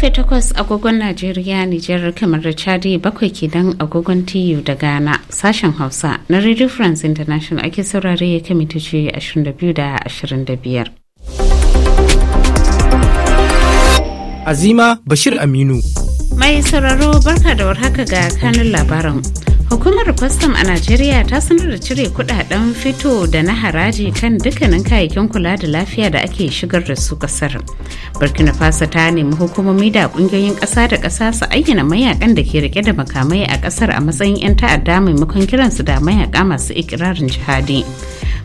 karfe 8 agogon Najeriya Nijar kamar da Chadi bakwai kidan agogon tiyu da Ghana sashen Hausa na Radio France International ake saurare ya kamitoci 22 da 25. Azima Bashir Aminu. Mai sauraro barka da warhaka ga kanun labaran. Hukumar kwastam a Najeriya ta sanar da cire kudaden fito da na haraji kan dukkanin kayayyakin kula da lafiya da ake shigar da su kasar. Burkina Faso ta nemi hukumomi da kungiyoyin kasa da kasa su ayyana mayakan da ke rike da makamai a kasar a matsayin 'yan ta'adda maimakon kiransu da mayaka masu ikirarin jihadi.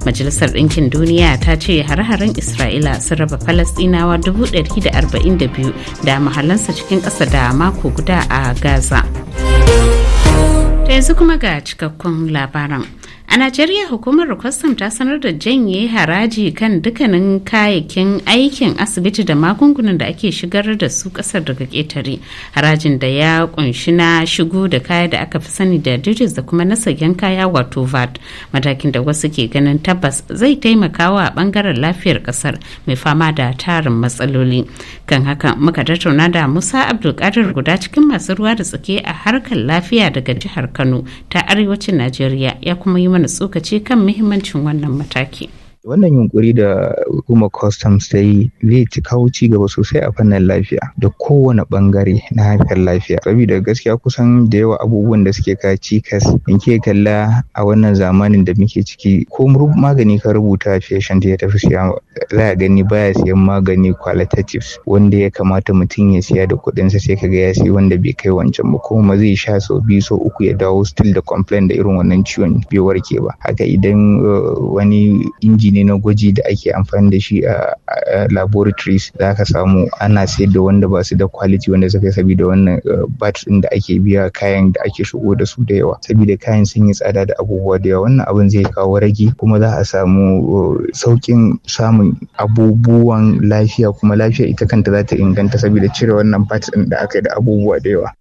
Majalisar Ɗinkin Duniya ta ce har harin Isra'ila sun raba Falasɗinawa 142 da mahallansa cikin ƙasa da mako guda a Gaza. yanzu kuma ga cikakkun labaran A Najeriya hukumar kwastam ta sanar da janye haraji kan dukkanin kayayyakin aikin asibiti da magungunan da ake shigar da su kasar daga ƙetare. Harajin da ya kunshi na shigo da kaya da aka fi sani da duties da kuma na sagen kaya wato VAT. Matakin da wasu ke ganin tabbas zai taimakawa wa bangaren lafiyar kasar mai fama da tarin matsaloli. Kan haka muka tattauna da Musa Abdulkadir guda cikin masu ruwa da tsake a harkar lafiya daga jihar Kano ta arewacin Najeriya ya kuma yi mana tsokaci kan muhimmancin wannan mataki. wannan yunkuri da hukumar customs ta yi zai ci kawo ci gaba sosai a fannin lafiya da kowane bangare na harkar lafiya saboda gaskiya kusan da yawa abubuwan da suke ka cikas in ke kalla a wannan zamanin da muke ciki ko magani ka rubuta patient ya tafi siya za a gani baya siyan magani qualitatives wanda ya kamata mutum ya siya da kuɗinsa sai ka ga ya siya wanda bai kai wancan ba kuma zai sha sau biyu sau uku ya dawo still da complain da irin wannan ciwon bai warke ba haka idan eh, wani injini. ne na gwaji da ake amfani da shi a laboratories za ka samu ana sayar da wanda ba su da quality wanda suka sabi da wannan uh, bat din da ake biya kayan da ake shigo da su da yawa saboda kayan sun yi tsada da abubuwa da yawa wannan abin zai kawo rage kuma za a samu uh, saukin samun abubuwan lafiya kuma lafiya ita kanta za ta inganta saboda cire wannan bat din da aka yi da abubuwa da yawa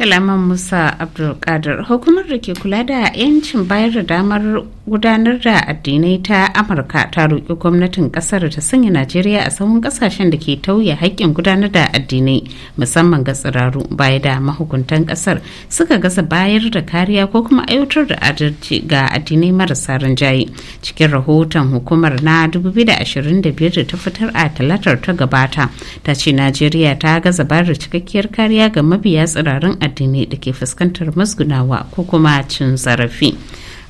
kalaman musa abdulkadir hukumar da ke kula da 'yancin bayar da damar gudanar da addinai ta amurka ta roƙi gwamnatin ƙasar ta sanya najeriya a sauran ƙasashen da ke tauye haƙƙin gudanar da addinai musamman ga tsiraru baya da mahukuntan ƙasar suka gaza bayar da kariya ko kuma aiwatar da adalci ga addinai marasa rinjaye cikin rahoton hukumar na 2025 da ta fitar a talatar ta gabata ta ce najeriya ta gaza bayar da cikakkiyar kariya ga mabiya tsirarun addini da ke fuskantar musgunawa ko kuma cin zarafi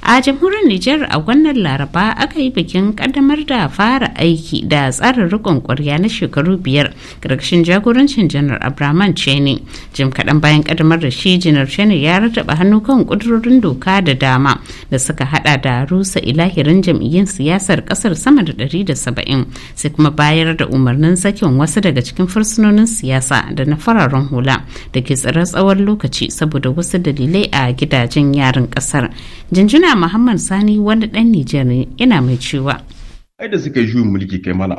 a jamhuriyar Nijar a wannan laraba aka yi bikin kaddamar da fara aiki da tsarin rikon kwarya na shekaru biyar karkashin jagorancin janar abraman cheney jim kaɗan bayan kaddamar da shi janar cheney ya rataba hannu kan ƙudurorin doka da dama da suka hada da rusa ilahirin jam'iyyun siyasar ƙasar sama da ɗari da saba'in sai kuma bayar da umarnin sakin wasu daga cikin fursunonin siyasa da na fararen hula da ke tsare tsawon lokaci saboda wasu dalilai a gidajen yarin ƙasar jinjina Gwamna Muhammad Sani wanda ɗan Nijar ne yana mai cewa. Ai da suka yi juyin mulki kai mana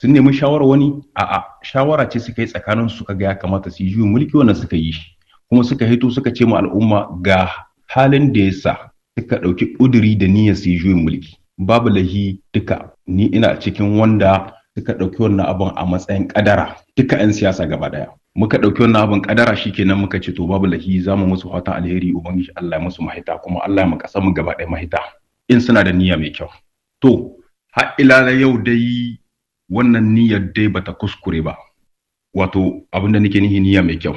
sun nemi shawara wani a'a shawara ce suka yi tsakanin suka ga ya kamata su yi juyin mulki wannan suka yi kuma suka hito suka ce ma al'umma ga halin da ya sa suka ɗauki ƙuduri da niyyar su yi juyin mulki babu lahi duka ni ina cikin wanda suka ɗauki wannan abin a matsayin kadara duka 'yan siyasa gaba ɗaya. muka ɗauki wannan abin kadara shikenan muka ce to babu lahi za mu musu fatan alheri ubangiji Allah ya musu mahita kuma Allah ya makasa mu gaba daya mahita in suna da niyya mai kyau to har ila yau dai wannan niyyar dai bata kuskure ba wato abin da nake nihi niyya mai kyau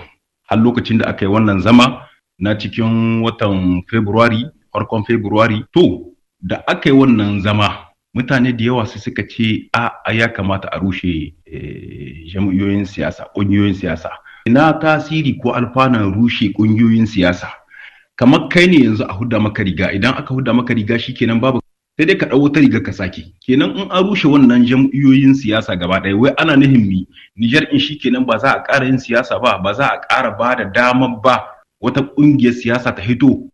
har lokacin da aka yi wannan zama na cikin watan february farkon february to da aka yi wannan zama mutane da yawa su suka ce a ya kamata a rushe eh, jam'iyoyin siyasa ƙungiyoyin siyasa ina tasiri ko alfanan rushe ƙungiyoyin siyasa kamar kai ne yanzu a huda maka riga idan aka huda maka riga shikenan babu sai dai ka ɗau wata riga ka sake kenan in an rushe wannan jam'iyoyin siyasa gaba ɗaya wai ana nihin mi Nijar in shikenan ba za a ƙara yin siyasa ba ba za a ƙara ba da damar ba wata ƙungiyar siyasa ta hito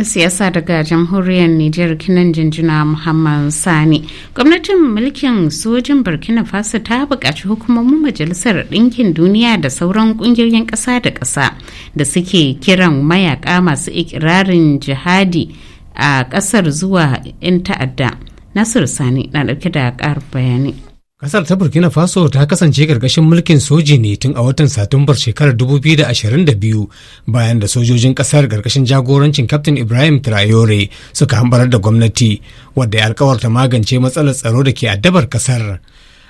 siyasa daga jamhuriyar Nijar kinan jinjina Muhammad Sani. Gwamnatin mulkin sojin Burkina Faso ta buƙaci hukumomin Majalisar Ɗinkin Duniya da sauran ƙungiyoyin ƙasa da ƙasa da suke kiran mayaƙa masu ikirarin jihadi a ƙasar zuwa 'yan ta'adda. Nasir Sani na ɗauke da ƙarin bayani. Kasar ta Burkina Faso ta kasance ƙarƙashin mulkin soji ne tun a watan Satumbar shekarar 2022 bayan da sojojin ƙasar ƙarƙashin jagorancin Captain Ibrahim Traore suka hambarar da gwamnati wadda ya alkawarta magance matsalar tsaro da ke addabar ƙasar.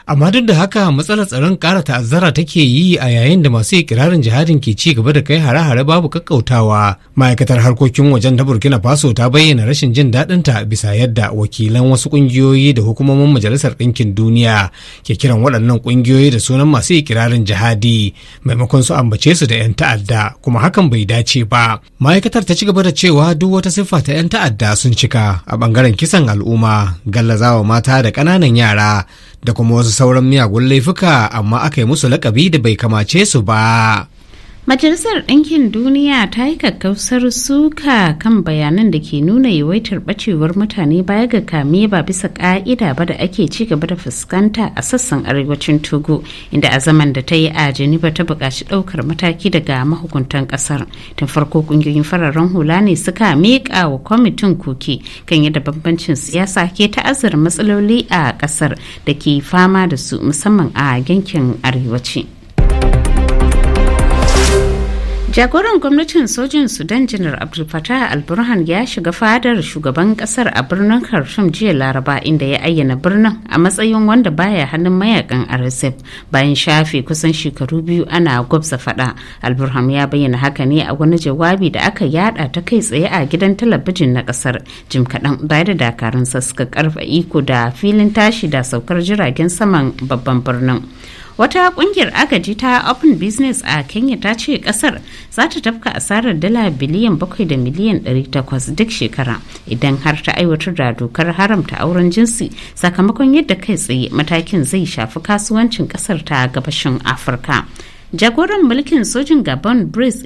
amma duk da haka matsalar tsaron kara ta'azzara take yi a yayin da masu ikirarin jihadin ke ci gaba da kai hare-hare babu kakkautawa ma'aikatar harkokin wajen ta burkina faso ta bayyana rashin jin daɗin ta bisa yadda wakilan wasu ƙungiyoyi da hukumomin majalisar ɗinkin duniya ke kiran waɗannan ƙungiyoyi da sunan masu ikirarin jihadi maimakon su ambace su da 'yan ta'adda kuma hakan bai dace ba ma'aikatar ta ci gaba da cewa duk wata siffa ta 'yan ta'adda sun cika a ɓangaren kisan al'umma gallazawa mata da ƙananan yara da kuma wasu sauran miyagun laifuka amma aka yi musu lakabi da bai kamace su ba. Majalisar Ɗinkin Duniya ta yi kakkausar suka kan bayanan da ke nuna yawaitar ɓacewar mutane baya ga kame ba bisa ƙa'ida ba da ake ci gaba da fuskanta a sassan arewacin Togo, inda a zaman da ta yi a janiba ta buƙaci ɗaukar mataki daga mahukuntan ƙasar. Tun farko ƙungiyoyin fararen hula ne suka miƙa wa kwamitin koke kan yadda bambancin siyasa ke ta'azzara matsaloli a ƙasar da ke fama da su musamman a yankin arewaci. jagoran gwamnatin sojin sudan janar abdul fatah al-burhan ya shiga fadar shugaban kasar a birnin khartoum jiya laraba inda ya ayyana birnin a matsayin wanda baya hannun mayakan rsf bayan shafe kusan shekaru biyu ana gwabza fada al-burhan ya bayyana haka ne a wani jawabi da aka yada ta kai tsaye a gidan talabijin na kasar jim kaɗan baya da dakarun suka karfa iko da filin tashi da saukar jiragen saman babban birnin wata kungiyar agaji ta open business a kenya ta ce kasar za ta tafka asarar dala biliyan 7 da miliyan 800 duk shekara idan har ta aiwatar da dokar haramta auren jinsi sakamakon yadda kai tsaye matakin zai shafi kasuwancin kasar ta gabashin afirka jagoran mulkin sojin gabon brice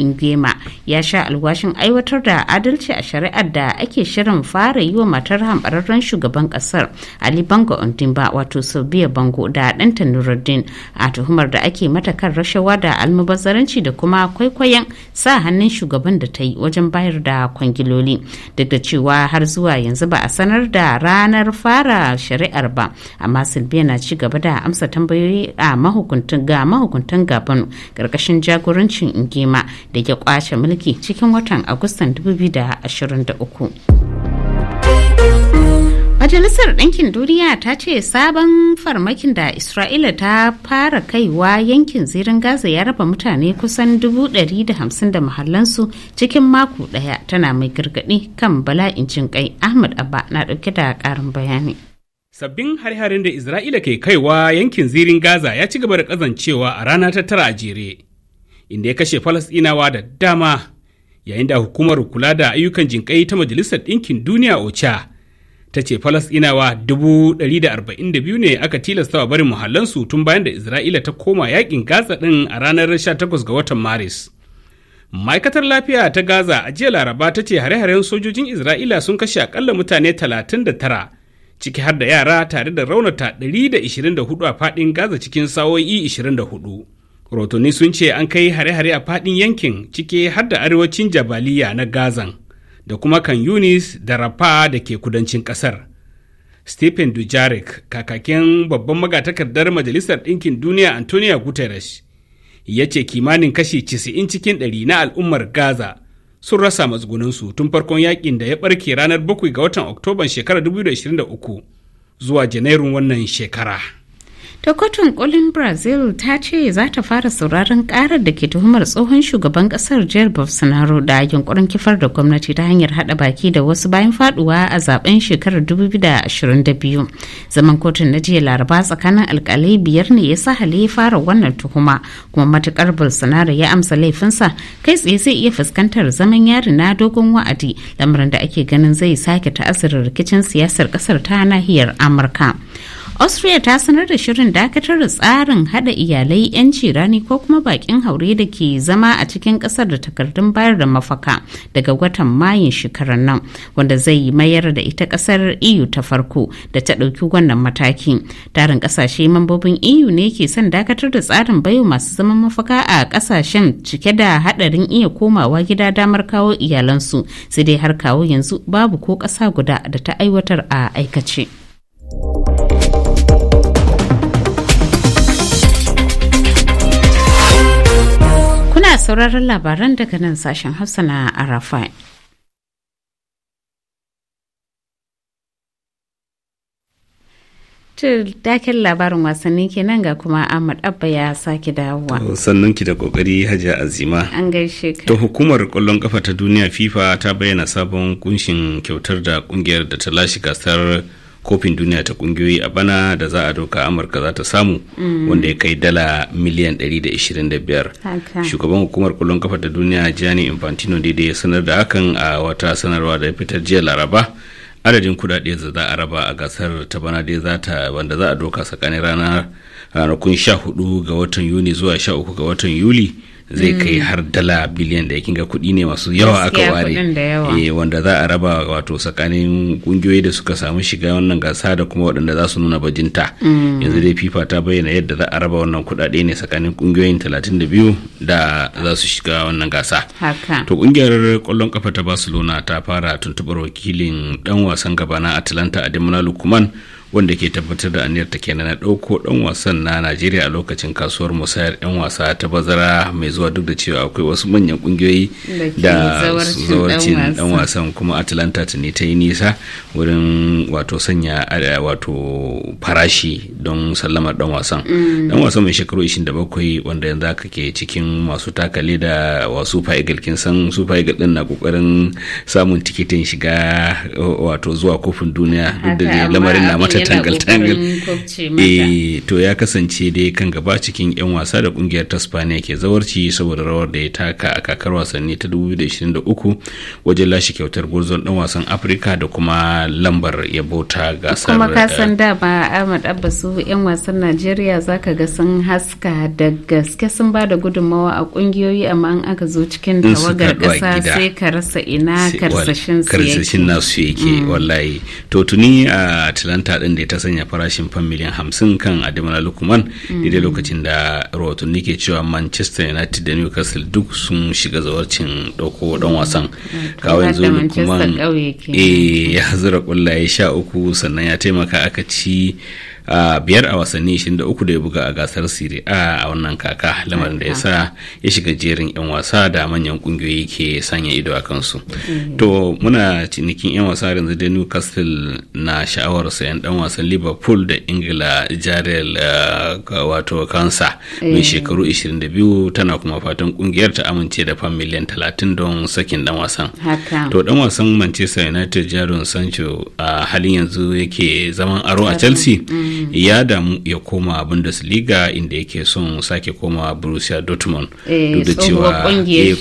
ingema ya sha alwashin aiwatar da adalci a shari'ar da ake shirin fara yi wa matar hambararren shugaban kasar ali bango ondimba wato sobiya bango da ɗanta nuruddin a tuhumar da ake mata kan rashawa da almubazzaranci da kuma kwaikwayon sa hannun shugaban da ta yi wajen bayar da kwangiloli duk da cewa har zuwa yanzu ba a sanar da ranar fara shari'ar ba amma silbiya na ci gaba da amsa tambayoyi a mahukuntan ga mahukuntan kasashen gaban karkashin jagorancin ingema da ya kwace mulki cikin watan agustan 2023 Majalisar Ɗinkin Duniya ta ce sabon farmakin da Isra'ila ta fara kaiwa yankin zirin Gaza ya raba mutane kusan 150 da mahallansu cikin mako ɗaya tana mai gargaɗi kan bala'in jin kai Ahmad Abba na ɗauke da ƙarin bayani. Sabbin hare-haren da Isra'ila ke kaiwa yankin zirin Gaza ya ci gaba da kazancewa a rana ta tara a jere, inda ya kashe Falasɗinawa da dama, yayin da hukumar kula da ayyukan jinƙai ta Majalisar Ɗinkin Duniya OCHA ta ce Falasɗinawa biyu ne aka tilastawa barin muhallansu tun bayan da Isra'ila ta koma yakin Gaza ɗin a ranar 18 ga watan Maris. ma'aikatar lafiya ta gaza a jiya laraba ta ce hare-haren sojojin isra'ila sun kashe akalla mutane 39 ciki har da yara tare da raunata 124 a fadin Gaza cikin sa'o'i 24. Rotoni sun ce an kai hare-hare a fadin yankin ciki har da arewacin Jabaliya na Gazan da kuma kan Yunis da Rafa da ke kudancin kasar. Stephen dujarik kakakin babban magatakardar Majalisar Ɗinkin Duniya Antonio Guterres, ya ce kimanin kashi 90 cikin 100 na al'ummar Gaza sun rasa matsugunansu tun farkon yakin da ya barke ranar 7 ga watan Oktoban shekarar 2023 zuwa Janairun wannan shekara. ta kotun kolin brazil ta ce za ta fara sauraron karar da ke tuhumar tsohon shugaban kasar jair bolsonaro da yunkurin kifar da gwamnati ta hanyar hada baki da wasu bayan faduwa a zaben shekarar 2022 zaman kotun na jiya laraba tsakanin alkalai biyar ne ya sa hali fara wannan tuhuma kuma matukar bolsonaro ya amsa laifinsa kai tsaye zai iya fuskantar zaman yari na dogon wa'adi lamarin da ake ganin zai sake ta'asirar rikicin siyasar kasar ta nahiyar amurka austria ta sanar da shirin dakatar da tsarin hada iyalai 'yanci rani ko kuma bakin haure da ke zama a cikin kasar da takardun bayar da mafaka daga watan mayin shekarar nan wanda zai mayar da ita kasar eu ta farko da ta ɗauki wannan mataki tarin kasashe mambobin eu ne ke son dakatar da tsarin bayo masu zaman mafaka a kasashen cike da hadarin iya komawa gida damar kawo iyalansu sai dai har kawo yanzu babu ko ƙasa guda da ta aiwatar a aikace. sauraron labaran daga nan sashen Hausa na Arafai. dakin labarin wasanni kenan ga kuma Ahmad Abba ya sake dawowa. Sannan ki da kokari Hajiya Azima. An gaishe ka. Ta hukumar kwallon kafa ta duniya FIFA ta bayyana sabon kunshin kyautar da kungiyar da ta lashe gasar kofin duniya ta kungiyoyi a bana da za a doka amurka za ta samu mm. wanda ya kai dala miliyan 125 shugaban hukumar kwallon kafa da duniya gianni infantino daidai ya sanar da hakan a wata sanarwa da ya fitar jiya laraba adadin kudade da za a raba a gasar ta bana dai za ta wanda za a doka tsakanin ranar ranakun 14 ga watan yuni zuwa sha uku ga watan yuli zai kai mm. har dala biliyan da kinga kuɗi ne masu yawa aka ware eh, wanda za a raba wato tsakanin ƙungiyoyi da suka samu shiga wannan gasa da kuma waɗanda za su nuna bajinta mm. yanzu dai fifa ta bayyana yadda za a raba wannan kuɗaɗe ne tsakanin kungiyoyin talatin da biyu za su shiga wannan gasa to kungiyar kwallon kafa ta barcelona ta fara tuntuɓar wakilin dan wasan gaba na atlanta ademola lukman wanda ke tabbatar da aniyar ta kenan na ɗauko ɗan wasan na najeriya a lokacin kasuwar musayar 'yan wasa ta bazara mai zuwa duk da cewa akwai wasu manyan kungiyoyi da zawarcin dan wasan kuma atlanta ta ne ta yi nisa wurin wato sanya eh, wato farashi don sallamar dan wasan dan mm. wasan mai shekaru 27 wanda yanzu aka ke cikin masu takale da wasu eagle kin san super eagle ɗin na kokarin samun tikitin shiga eh, wato zuwa kofin duniya duk da lamarin na mata ta tangal-tangal e, to ya kasance dai kan gaba cikin 'yan wasa da kungiyar ta spaniya ke zawarci saboda rawar da ya taka a kakar wasanni ta 2023 wajen lashe kyautar gurzon dan wasan afirka da kuma lambar yabo ta gasar kuma ka san da ba ahmad abbasu 'yan wasan najeriya zaka ga sun haska da gaske sun ba da gudunmawa a kungiyoyi amma an aka zo cikin tawagar kasa sai ka rasa ina karsashin su yake mm. wallahi to tuni a atlanta lamarin da ta sanya farashin fan miliyan hamsin kan Ademola Lukman mm. daidai lokacin da rahotanni ke cewa Manchester United da Newcastle duk sun shiga zawarcin dauko dan wasan. Mm. kawai yanzu Lukman eh, ya zura kwallaye sha uku sannan ya taimaka aka ci a biyar a wasanni shi da uku da ya buga a gasar siri A wannan kaka lamarin da ya sa ya shiga jerin 'yan wasa da manyan kungiyoyi ke sanya ido a kansu. To muna cinikin 'yan wasa yanzu da Newcastle na sha'awar sayan dan wasan Liverpool da Ingila Jarel eh, wato kansa mai eh. shekaru 22 tana kuma fatan kungiyar ta amince da fan miliyan 30 don sakin dan wasan. To dan wasan Manchester United jaron Sancho a halin yanzu yake zaman aro a Chelsea. Mm. Mm. ya damu ya koma bundesliga inda yake son sake koma borussia dortmund eh, duk da cewa eh,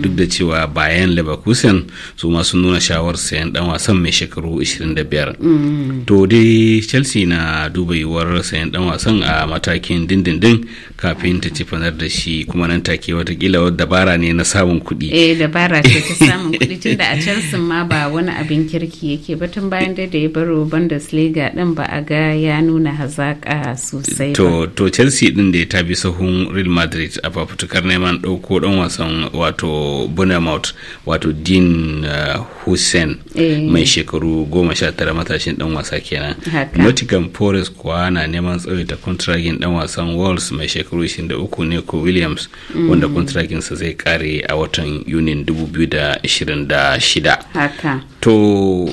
duk da mm. cewa bayan leverkusen su masu nuna shawar sayan dan wasan mai shekaru 25 mm. to dai chelsea na duba yiwuwar sayan dan wasan a matakin dindindin kafin ta ci fanar da shi kuma nan take watakila wadda dabara ne na samun kuɗi eh dabara ce ta samun kuɗi da a chelsea ma ba wani abin kirki yake ba tun bayan da ya baro bundesliga din ba a ga ga ya nuna hazaƙa sosai to to chelsea din da ta bi sahun real madrid a fafutukar neman ɗauko ɗan wasan wato bournemouth wato dean uh, hussein eh. mai shekaru goma sha tara matashin ɗan wasa kenan nottingham forest kuwa na neman tsawaita kontragin ɗan wasan wales mai shekaru da uku ne ko williams wanda mm. wanda kontraginsa zai kare a watan yunin shida to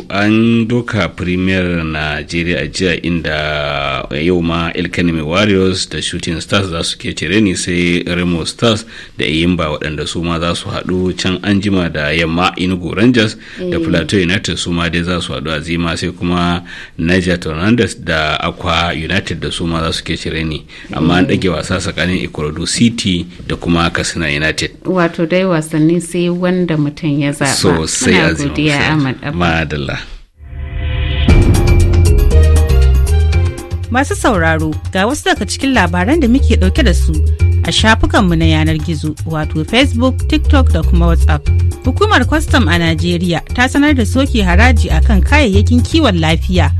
an doka premier najeriya a jiya inda yau ma elkanemi warriors da shooting stars za su ke cire ni sai remo stars da iyimba waɗanda su ma za su haɗu can anjima da yamma inugu rangers da eh. plateau united su ma dai za su haɗu a zima sai kuma niger tornandes da akwa united da su ma za su ke cire ni amma an ɗage wasa tsakanin ikorodu city da kuma katsina united wato dai wasanni sai wanda mutum ya zaɓa sosai a zima Masu sauraro ga wasu daga cikin labaran da muke ɗauke da su a shafukanmu na yanar gizo wato Facebook, TikTok da kuma WhatsApp. Hukumar kwastam a Najeriya ta sanar da soke haraji a kan kayayyakin kiwon lafiya.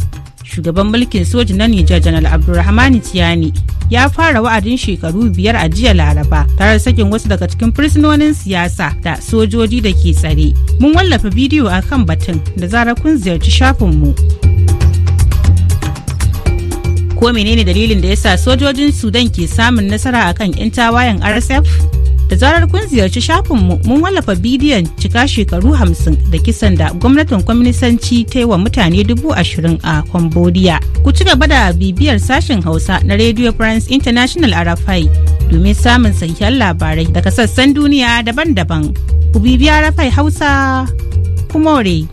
Shugaban mulkin soji na Nijar Janar Abdulrahman Tiyani ya fara wa'adin shekaru biyar a jiya laraba tare da sakin wasu daga cikin fursunonin siyasa da sojoji da ke tsare. Mun wallafa bidiyo a kan batun da zarar kun ziyarci shafinmu. ko menene dalilin da yasa sojojin sudan ke samun nasara akan 'yan tawayen rsf da zarar kun ziyarci shafinmu mun wallafa bidiyon cika shekaru hamsin da kisan da gwamnatin kwaminisanci ta yi wa mutane dubu ashirin a cambodia ku ci gaba da bibiyar sashen hausa na radio france international arafai domin samun sahihan labarai daga sassan duniya daban-daban ku bibiya arafai hausa kumore.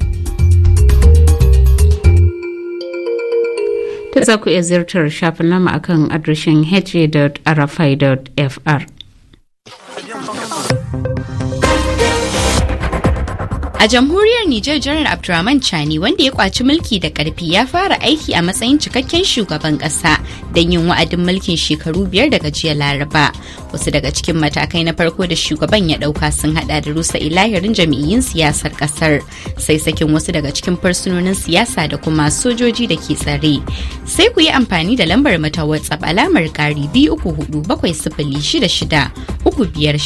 ta za ku iya ziyartar shafin nama akan adireshin hj.rfi.fr A jamhuriyar Nijar Janar Abdurrahman Chani wanda ya kwaci mulki da karfi ya fara aiki a matsayin cikakken shugaban kasa don yin wa'adin mulkin shekaru biyar daga jiya Laraba. Wasu daga cikin matakai na farko da shugaban ya dauka sun hada da rusa ilahirin jami'in siyasar kasar sai sakin wasu daga cikin fursunonin siyasa da kuma sojoji da ke tsare. Sai ku yi amfani da lambar mata WhatsApp alamar kari biyu uku hudu bakwai sifili shida shida uku biyar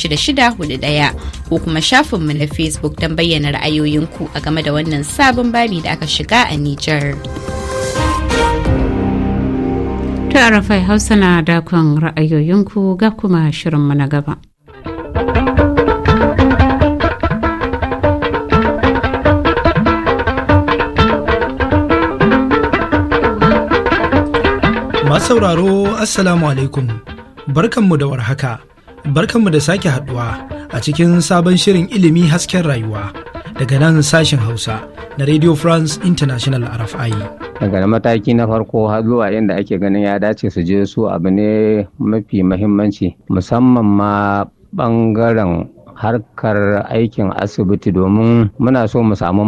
ko kuma shafinmu na Facebook don bayyana ra'ayoyinku a game da wannan sabon babi da aka shiga a Nijar. Ta Arafai Hausa na dakon ra'ayoyinku ga kuma shirinmu na gaba. Masu sauraro Assalamu alaikum, barkanmu da warhaka. barkanmu da sake haduwa a cikin sabon shirin ilimi hasken rayuwa daga nan sashen hausa na radio france international rfi daga mataki na farko har zuwa inda ake ganin ya dace su je su abu ne mafi mahimmanci musamman ma bangaren harkar aikin asibiti domin muna so mu samu